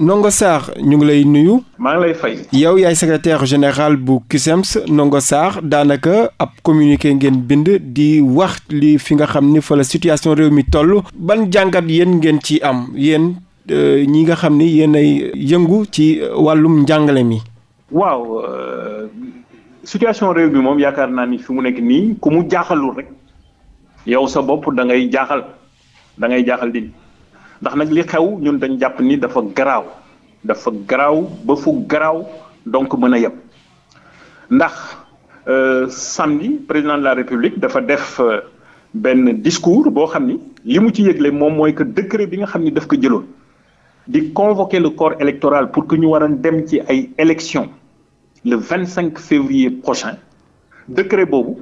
Ndongo Sarr ñu ngi lay nuyu. maa ngi lay fay. yow yaay secretaire général bu CUSEMS Ndongo Sarr daanaka ab communiqué ngeen bind di wax lii fi nga xam ni fa la situation réew mi toll. ban jàngat yéen ngeen ci am yéen euh, ñi nga xam ni yéen ay yëngu ci euh, wàllum njàngale mi. waaw euh, situation réew mi moom yaakaar naa ni fi mu nekk nii ku mu jaaxalul rek yow sa bopp da ngay jaaxal da ngay jaaxal di. ndax nag li xew ñun dañ jàpp ni dafa garaaw dafa garaaw ba fu garaaw donc mën a yem ndax euh, samedi président de la république dafa def euh, benn discours boo xam ni li mu ci yëgle moom mooy que décret bi nga xam ni daf ko jëloon di convoquer le corps électoral pour que ñu war a dem ci ay élections le vingt cinq février prochain décret boobu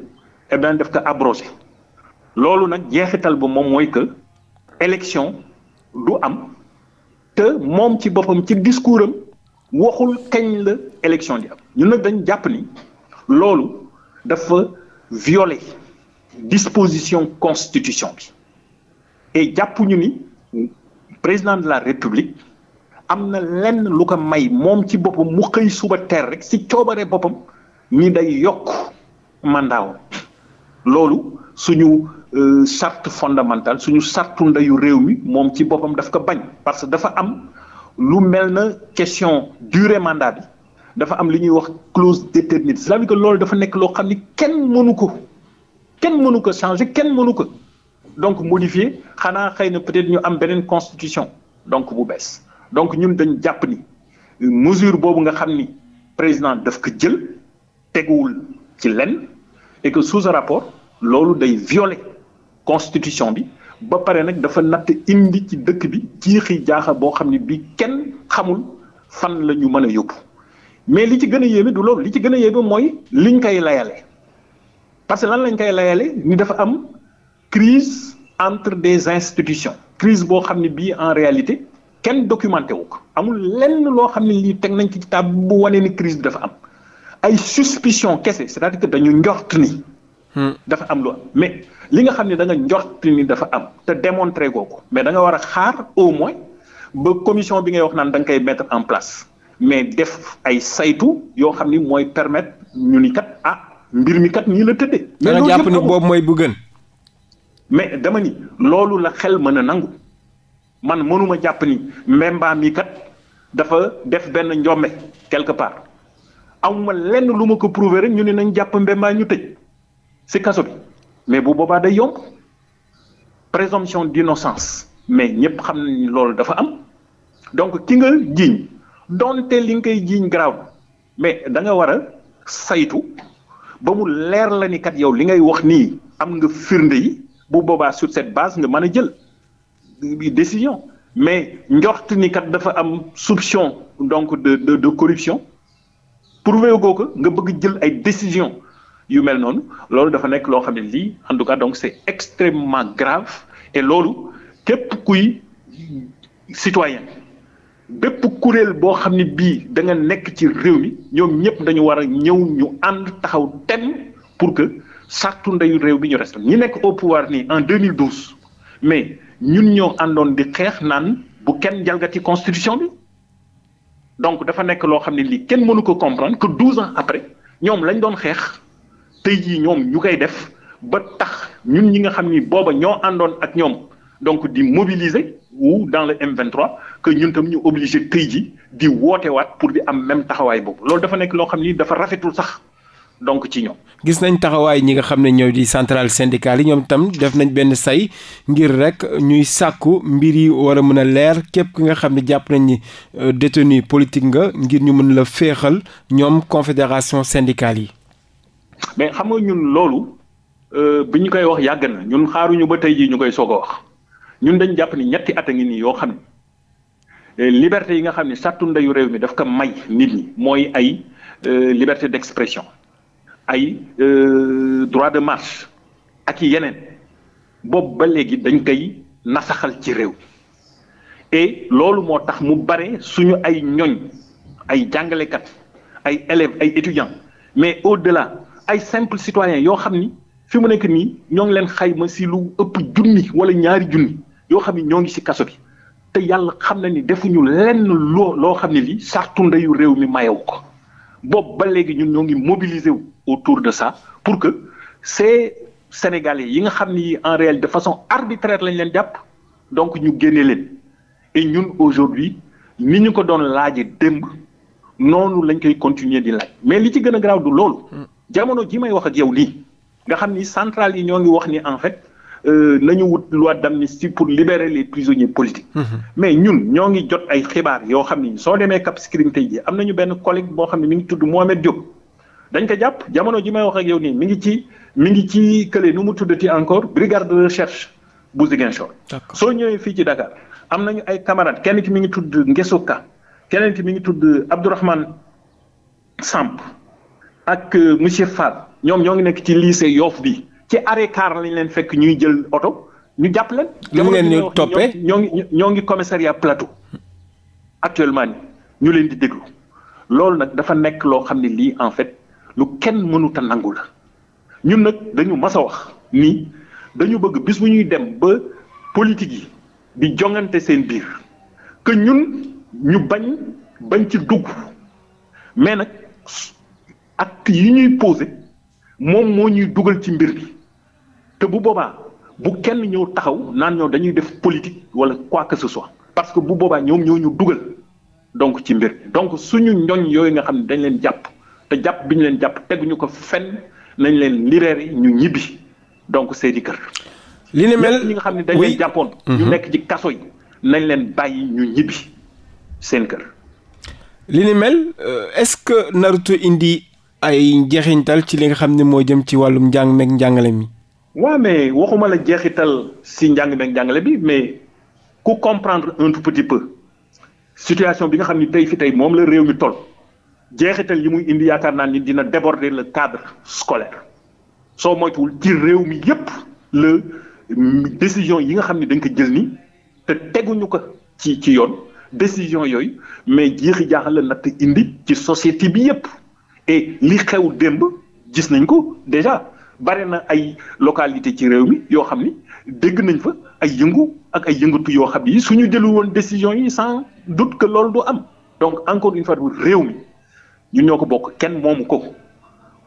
eh bien daf ko abrogé loolu nag jeexital ba moom mooy que élection du am te moom ci boppam ci discours am waxul kañ la élection di am ñu nag dañ jàpp ni loolu dafa violer disposition constitution bi et jàpp ñu ni président de la république am na lenn lu ko may moom ci boppam mu xëy suba teer rek si coobaree boppam ni day yokk mandat woon loolu suñu Euh, charte fondamentale suñu sartu ndeyu réew mi moom ci boppam daf ko bañ parce que dafa am lu mel na question durée mandat bi dafa am li ñuy wax clause d'éternité c'est-à-dire que loolu dafa nekk loo xam ni kenn mënu ko kenn mënu ko changer kenn mënu ko donc modifier xanaa xëy na peut-être ñu am beneen constitution donc bu bees donc ñun dañ jàpp ni mesure boobu nga xam ni président daf ko jël teguwul ci lenn et que sous rapport loolu day violer constitution bi ba pare nag dafa natt indi ci dëkk bi jiixi jaaxa boo xam ne bii kenn xamul fan la ñu mën a yóbbu mais li ci gën a yéeme du loolu li ci gën a yéeme mooy liñ koy layale parce que lan lañ koy layale ni dafa am crise entre des institutions crise boo xam ne bii en réalité kenn documenté wu ko amul lenn loo xam ne lii teg nañ ci table bu wane ni crise bi dafa am ay suspicion kese c'est-à-dire que dañu njort ni dafa am lu am mais li nga xam ne danga nga njort ni dafa am te démontrer goo ko mais danga war a xaar au moins ba commission bi ngay wax naan danga nga koy mettre en place mais def ay saytu yoo xam ni mooy permettre ñu ni kat ah mbir mi kat nii la tëddee. mais loolu jàpp ni boobu mooy bu gën. mais dama ni loolu la xel mën a nangu man mënuma jàpp ni Mbemba mi kat dafa def benn njombe quelque part amuma lenn lu ma ko prouver ñu ne nañ jàpp Mbemba ñu tëj. si kaso bi mais bu boobaa day yomb présomption d'innocence mais ñëpp xam nañ loolu dafa am donc ki nga jiiñ donte li nga koy jiiñ grave mais da nga war a saytu ba mu leer la ni kat yow li ngay wax nii am nga firnde yi bu boobaa sur cette base nga mën a jël décision mais njort ni kat dafa am soupçon donc de de de corruption pour goo ko nga bëgg jël ay décision yu mel noonu loolu dafa nekk loo xam ne lii en tout cas donc c'est extrêmement grave et loolu képp kuy citoyen bépp kuréel boo xam ne bii da nga nekk ci réew mi ñoom ñëpp dañu war a ñëw ñu ànd taxaw tem pour que sartu ndeyu réew bi ñu resté ñi nekk au pouvoir nii en 2012 mais ñun ñoo àndoon di xeex naan bu kenn jalgati constitution bi donc dafa nekk loo xam ne lii kenn mënu ko comprendre que 12 ans après ñoom lañ doon xeex. tey jii ñoom ñu koy def ba tax ñun ñi nga xam ni booba ñoo àndoon ak ñoom donc di mobiliser ou dans le m que ñun tam ñu obligé tey ji di wootewaat pour di am même taxawaay boobu loolu dafa nekk loo xam ni dafa rafetul sax donc ci ñoom. gis nañ taxawaay ñi nga xam ne ñooy di centrale syndicale yi ñoom tam def nañ benn say ngir rek ñuy sàkku mbir yi war a mën a leer képp ki nga xam ne jàpp nañ ni euh, détenu politique nga ngir ñu mën la féexal ñoom confédération syndicale yi. mais xam nga ñun loolu euh, bi ñu koy wax yàgg na ñun xaaruñu ba tey jii ñu koy soog a wax ñun dañ jàpp ni ñetti at a ngi nii yoo xam ne euh, liberté yi nga xam ne sàttu ndeyu réew mi daf ko may nit ñi mooy ay euh, liberté d'expression ay droit de marche ak yi yeneen boobu ba léegi dañ koy nasaxal ci réew et loolu moo tax mu bare suñu ay ñoñ ay jàngalekat ay élèves ay étudiants mais au-delà ay simple citoyen yoo xam ni fi mu nekk nii ñoo ngi leen xayma si lu ëpp junni wala ñaari junni yoo xam ni ñoo ngi si kaso bi te yàlla xam na ni defuñu lenn loo loo xam ne lii sartu ndeyu réew mi mayewu ko boobu ba léegi ñun ñoo ngi mobiliser wu autour de ça pour que ces sénégalais yi nga xam ni en réel de façon arbitraire lañ leen jàpp donc ñu génne leen et ñun aujourd'hui ni ñu ko doon laaje démb noonu lañ koy continuer di laaj mais li ci gën a garaaw du loolu mm. jamono ji may wax ak yow lii nga xam ni centrale yi ñoo ngi wax ni en fait euh, nañu wut loi d'amnistie pour libérer les prisonniers politiques. Mm-hmm. mais ñun ñoo ngi jot ay xibaar yoo xam ni soo demee Cap Skirring tey jii am nañu benn collègue boo xam ne mi ngi tudd Mohamed Diop. dañ ko jàpp jamono ji may wax ak yow nii mi ngi ci mi ngi ci kële nu mu tuddati encore brigade de recherche bu Ziguinchor. soo ñëwee fii ci Dakar am nañu ay camarades kenn ki mi ngi tudd Ngeso Ka keneen ki mi ngi tudd Abdourahmane Samp. ak euh, monsieur Fall ñoom ñoo ngi nekk ci lycée Yoff bi ci arrêt car lañ leen fekk ñuy jël oto ñu jàpp leen. ñu leen ñu toppee ñoo ngi ñoo ngi actuellement ñu leen di déglu loolu nag dafa nekk loo xam ne lii en fait lu kenn mënut a nangu la ñun nag dañu mas a wax nii dañu bëgg bis bu ñuy dem ba politique yi di jongante seen biir que ñun ñu bañ bañ ci dugg mais nag. acte yi ñuy posé moom moo ñuy dugal ci mbir bi te bu boobaa bu kenn ñëw taxaw naan ñëw dañuy def politique wala quoi que ce soit parce que bu boobaa ñoom ñoo ñu dugal donc ci mbir bi donc suñu ñoñ yooyu nga xam ne dañ leen jàpp te jàpp bi ñu leen jàpp teguñu ko fenn nañ leen lireer ñu ñibbi donc seeni kër. li ne mel ñi nga xam ne dañ jàppoon. ñu mhm. nekk ci kaso yi nañ leen bàyyi ñu ñibbi seen kër. li ni mel euh, est-ce que naruto indi ay jeexintal ci li nga xam ne moo jëm ci wàllum njàng njàngale mi. waaw mais waxuma la jeexital si njàng meeg njàngale bi mais ku comprendre un tout petit peu situation bi nga xam ni tey fi tey moom la réew mi toll jeexital yi muy indi yaakaar naa ni dina déborder le cadre scolaire soo moytuwul ci réew mi yépp la décision yi nga xam ni dañ ko jël ni te teguñu ko ci ci yoon décision yooyu mais jeexi jaaxal la natt indi ci société bi yépp et li xew démb gis nañ ko déjà bare na ay localité ci réew mi yoo xam ni dégg nañ fa ay yëngu ak ay yëngatu yoo xam ni suñu jëlu woon décision yi sans doute que loolu du am donc encore une fois réew mi ñun ñoo ko bokk kenn moomu ko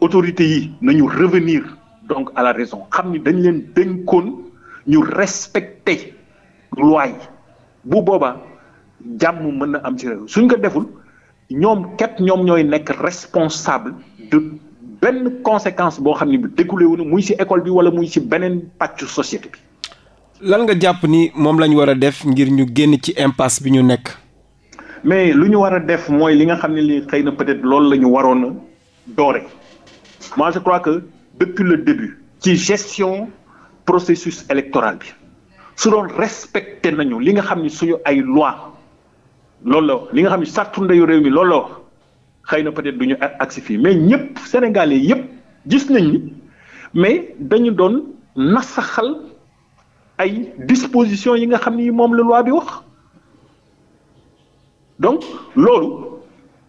autorité yi nañu revenir donc à la raison xam ni dañ leen dénkoon ñu respecter loi yi bu boobaa jàmm mën na am ci réew suñ ko deful ñoom kat ñoom ñooy nekk responsable de benn conséquence boo xam ne bi wu na muy ci école bi walla muy ci beneen pàccu société bi. lan nga jàpp ni moom la ñu war a def ngir ñu génn ci impasse bi ñu nekk. mais lu ñu war a def mooy li nga xam ne li xëy na peut-être loolu la ñu waroon a doore moi je crois que depuis le début ci gestion processus électoral bi su doon respecté nañu li nga xam ni suñu ay loi loolu la wax li nga xam ne sartu ndeyu réew mi loolu la wax xëy na peut-être du ñu agsi fii mais ñëpp sénégalais yëpp gis nañ ni mais dañu doon nasaxal ay disposition yi nga xam ni moom la loi bi wax donc loolu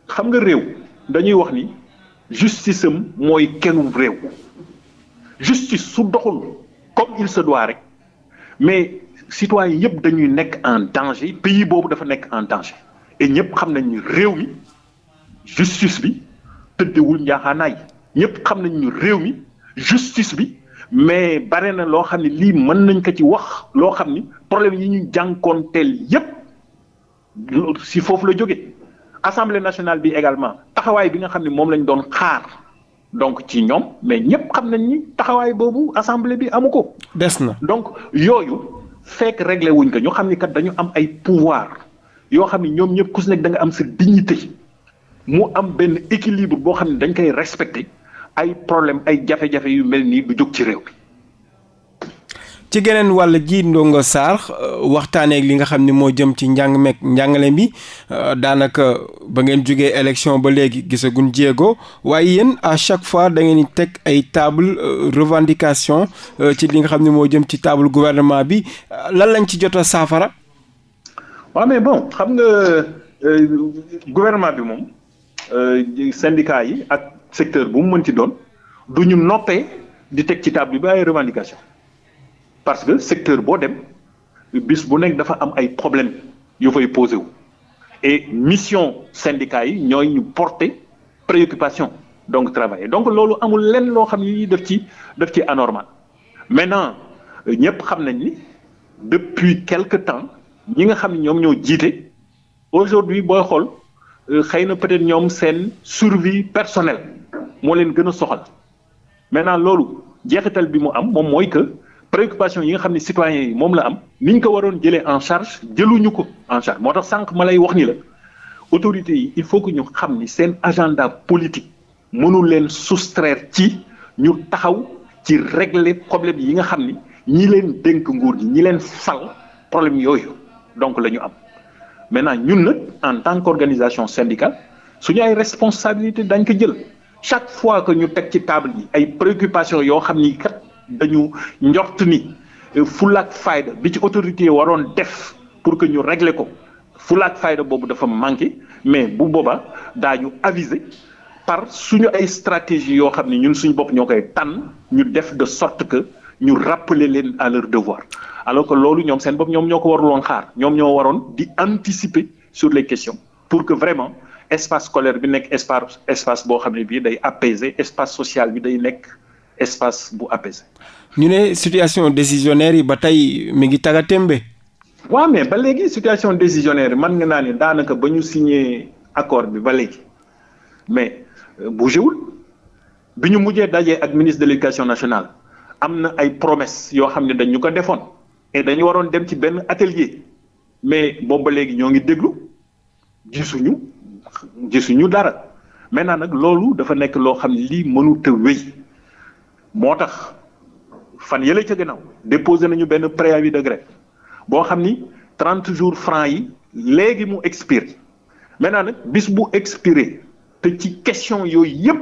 xam nga réew dañuy wax ni justice am mooy kennu réew justice su doxul comme il se doit rek. mais citoyens yëpp dañuy nekk en danger pays boobu dafa nekk en danger et ñëpp xam nañ réew mi justice bi tëddewul njaaxaanaay ñëpp xam nañ ni réew mi justice bi mais bare na loo xam ne lii mën nañ ko ci wax loo xam ni problème yi ñu jànkoonteel yëpp si foofu la jóge assemblée nationale bi également taxawaay bi nga xam ne moom lañ doon xaar. donc ci ñoom mais ñëpp xam nañ ni taxawaay boobu assemblée bi amu ko. des na donc yooyu fekk réglé wuñ ko ñu xam ni kat dañu am ay pouvoir yoo xam ni ñoom ñëpp ku si nekk da nga am sa dignité mu am benn équilibre boo xam ne dañ koy respecté ay problème ay jafe-jafe yu mel nii du jóg ci réew mi. ci geneen wàll gi Ndongo Sarr euh, waxtaanee li nga xam ni moo jëm ci njàng meeg njàngale mi euh, daanaka ba ngeen jógee élection ba léegi gisaguñ jéego waaye yéen à chaque fois da ngeen di teg ay table euh, revendication ci li nga xam ni moo jëm ci table gouvernement bi lan lañ ci jot a saafara. waaw mais bon xam nga gouvernement bi moom syndicat yi ak secteur bu mu mën ci doon du ñu noppee di teg ci table bi ay revendication parce que secteur boo dem bis bu nekk dafa am ay problème yu fay posé wu et mission syndicats yi ñooy ñu porter préoccupation donc travailler donc loolu amul lenn loo xam ni def ci daf ci anormal maintenant ñëpp xam nañ ni depuis quelque temps ñi nga xam ne ñoom ñoo jiite aujourd'hui booy xool euh, xëy na peut-être ñoom seen survie personnel moo leen gën a soxal mais maintenant loolu jeexital bi mu am moom mooy que préoccupation yi nga xam ne citoyens yi moom la am ni ñu ko waroon jëlee en charge jëluñu ko en charge moo tax sànq ma lay wax ni la autorités yi il faut que ñu xam ni seen agenda politique mënul leen soustraire ci ñu taxaw ci régler problème yi nga xam ni ñii leen dénk nguur gi ñi leen sal problème yooyu donc lañu ñu am maintenant ñun nag en tant que qu'organisation syndicale suñu ay responsabilité dañ ko jël chaque fois que ñu teg ci table yi ay préoccupations yoo xam ni dañu njort ni euh, fulaak faayda bi ci autorité waroon def pour que ñu régler ko fulaat fayda boobu dafa manqué mais bu boobaa daañu aviser par suñu ay stratégie yoo xam ne ñun suñu bopp ñoo koy tànn ñu def de sorte que ñu rappeler leen à leur devoir alors que loolu ñoom seen bopp ñoom ñoo ko waruloon xaar ñoom ñoo waroon di anticiper sur les questions pour que vraiment espace scolaire bi nekk espace espace boo xam ne bii day apaiser espace social bi day nekk espace bu apaisé. ñu ne situation décisionnaire yi ba tey mi ngi taga tembe. waaw mais ba léegi situation décisionnaire man nga naa ne daanaka ba ñu signé accord bi ba léegi mais euh, bougé wul bi ñu mujjee dajee ak ministre de l' nationale am na ay promesse yoo xam ne dañ ñu ko defoon e dañu waroon dem ci benn atelier mais boobu ba léegi ñoo ngi déglu gisuñu gisuñu dara maintenant nag loolu dafa nekk loo xam ne lii mënut moo tax fan yële ca gannaaw déposé nañu benn préavis de grève boo xam ni trente jours francs yi léegi mu expire maintenant nag bis bu expiré te ci question yooyu yëpp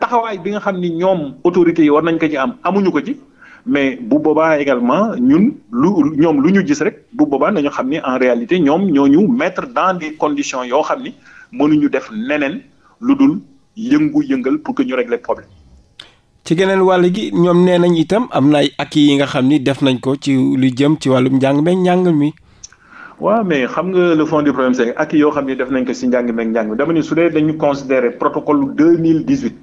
taxawaay bi nga xam ni ñoom autorité yi war nañ ko ci am amuñu ko ci mais bu boobaa également ñun lu ñoom lu ñu gis rek bu boobaa nañu xam ni en réalité ñoom ñoo ñu mettre dans des conditions yoo xam ni mënuñu def neneen lu dul yëngu-yëngal pour que ñu régler problème. ci geneen wàll gi ñoom nee nañ itam am na ak acquis yi nga xam ni def nañ ko ci lu jëm ci wàllum njàng meeg njàng mi. waaw mais xam nga le fond de problème c'est acquis yoo xam ni def nañ ko si njàng meeg njàng mi dama ni su dee dañu considérer protocole deux mille dix huit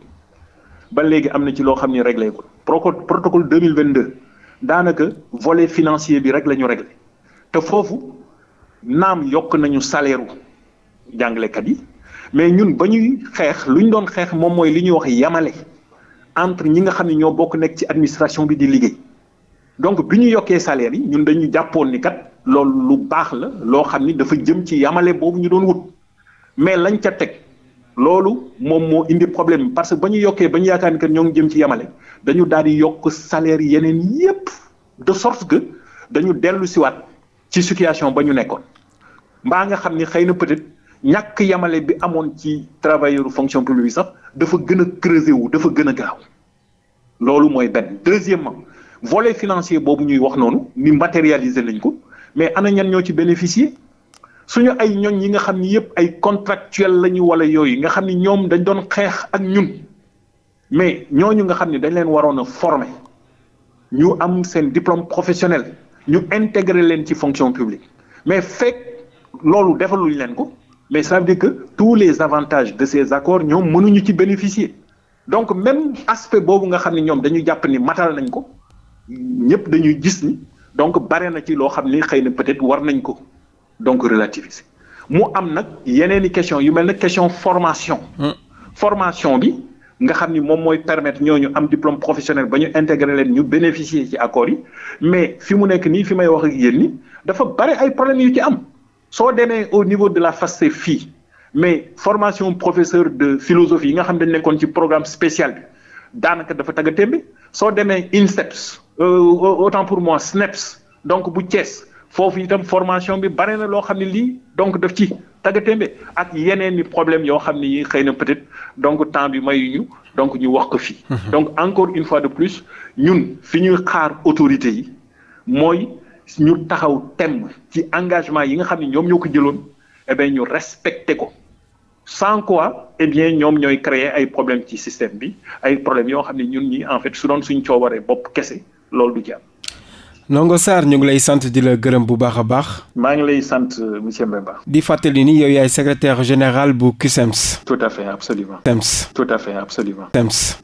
ba léegi am na ci loo xam ni réglé ko protocole deux mille vingt deux daanaka volet financier bi rek la ñu réglé te foofu naam yokk nañu salaire jàngalekat yi mais ñun ba ñuy xeex lu ñu doon xeex moom mooy li ñuy wax yamale. entre ñi nga xam ne ñoo bokk nekk ci administration bi di liggéey donc bi ñu yokkee salaire yi ñun dañu jàppoon ni kat loolu lu baax la loo xam ne dafa jëm ci yamale boobu ñu doon wut mais lañ ca teg loolu moom moo indi problème parce que ba ñu yokkee ba ñu yaakaar ni kat ñoo ngi jëm ci yamale dañu daal di yokk salaire yeneen yépp de sorte que dañu dellu siwaat ci situation ba ñu nekkoon mbaa nga xam ni xëy na peut-être ñàkk yamale bi amoon ci travailleur fonction publique sax dafa gën a creuser wu dafa gën a gaaw loolu mooy benn deuxièmement volet financier boobu ñuy wax noonu ni matérialiser nañ ko mais ana ñan ñoo ci bénéficier suñu ay ñoñ yi nga xam ni yëpp ay contractuel lañu wala yooyu nga xam ni ñoom dañ doon xeex ak ñun mais ñooñu nga xam ni dañ leen waroon a former ñu am seen diplôme professionnel ñu intégrer leen ci fonction publique mais fekk loolu defaluñ leen ko. mais ça veut dire que tous les avantages de ces accords ñoom mënuñu ci bénéficier donc même aspect boobu nga xam ne ñoom dañu jàpp ni matal nañ ko ñëpp dañuy gis ni donc bare na ci loo xam ni xëy na peut-être war nañ ko donc relativiser mu am nag yeneen i question yu mel ne question formation hmm. formation bi nga xam ni moom mooy permettre ñooñu am diplôme professionnel ba ñu intégrer leen ñu bénéficier ci accords yi mais fi mu nekk nii fi may wax ak yéen ni dafa bare ay problèmes yu ci am soo demee au niveau de la FASTEF fii mais formation professeur de philosophie yi nga xam dañ nekkoon ci programme spécial bi daanaka dafa tagga témbe soo demee INSEPS euh, autant pour moi SNEPS donc bu Thiès foofu yi tam formation bi bare na loo xam ne lii donc daf ci taggatémbe ak yeneen ni problème yoo xam ne yi xëy na peut-être donc temps bi mayuñu donc ñu wax ko fii mhm. donc encore une fois de plus ñun fi ñuy xaar autorité yi mooy ñu taxaw temm ci engagement yi nga xam ne ñoom ñoo ko jëloon eh bien ñu respecté ko sans quoi eh bien ñoom ñooy créer ay problème ci système bi ay problème yoo xam ne ñun ñi en fait su doon suñ coobaree bopp kese loolu du ci am. Ndongo Sarr ñu ngi lay sant di la gërëm bu baax a baax. maa ngi lay sant monsieur Mbemba. di fàttali nii yow yaay secrétaire général bu CUSEMS. tout à fait absolument. CUSEMS. tout à fait absolument. CUSEMS.